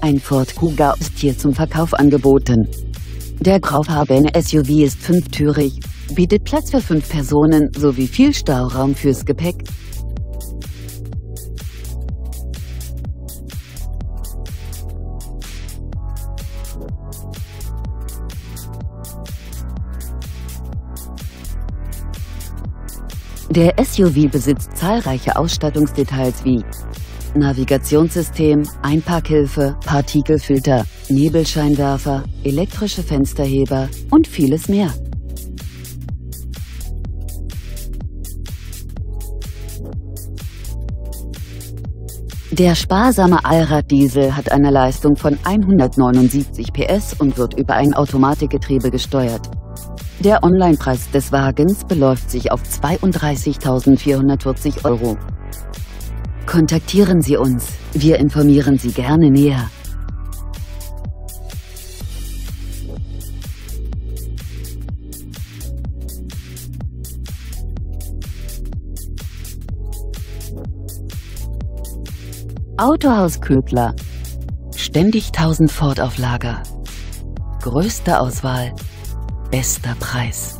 Ein Ford Kuga ist hier zum Verkauf angeboten. Der graufarbene SUV ist fünftürig, bietet Platz für fünf Personen sowie viel Stauraum fürs Gepäck. Der SUV besitzt zahlreiche Ausstattungsdetails wie Navigationssystem, Einparkhilfe, Partikelfilter, Nebelscheinwerfer, elektrische Fensterheber und vieles mehr. Der sparsame Allraddiesel hat eine Leistung von 179 PS und wird über ein Automatikgetriebe gesteuert. Der Onlinepreis des Wagens beläuft sich auf 32.440 Euro. Kontaktieren Sie uns, wir informieren Sie gerne näher. Autohaus Ködler. Ständig 1000 Ford auf Lager. Größte Auswahl, Bester Preis.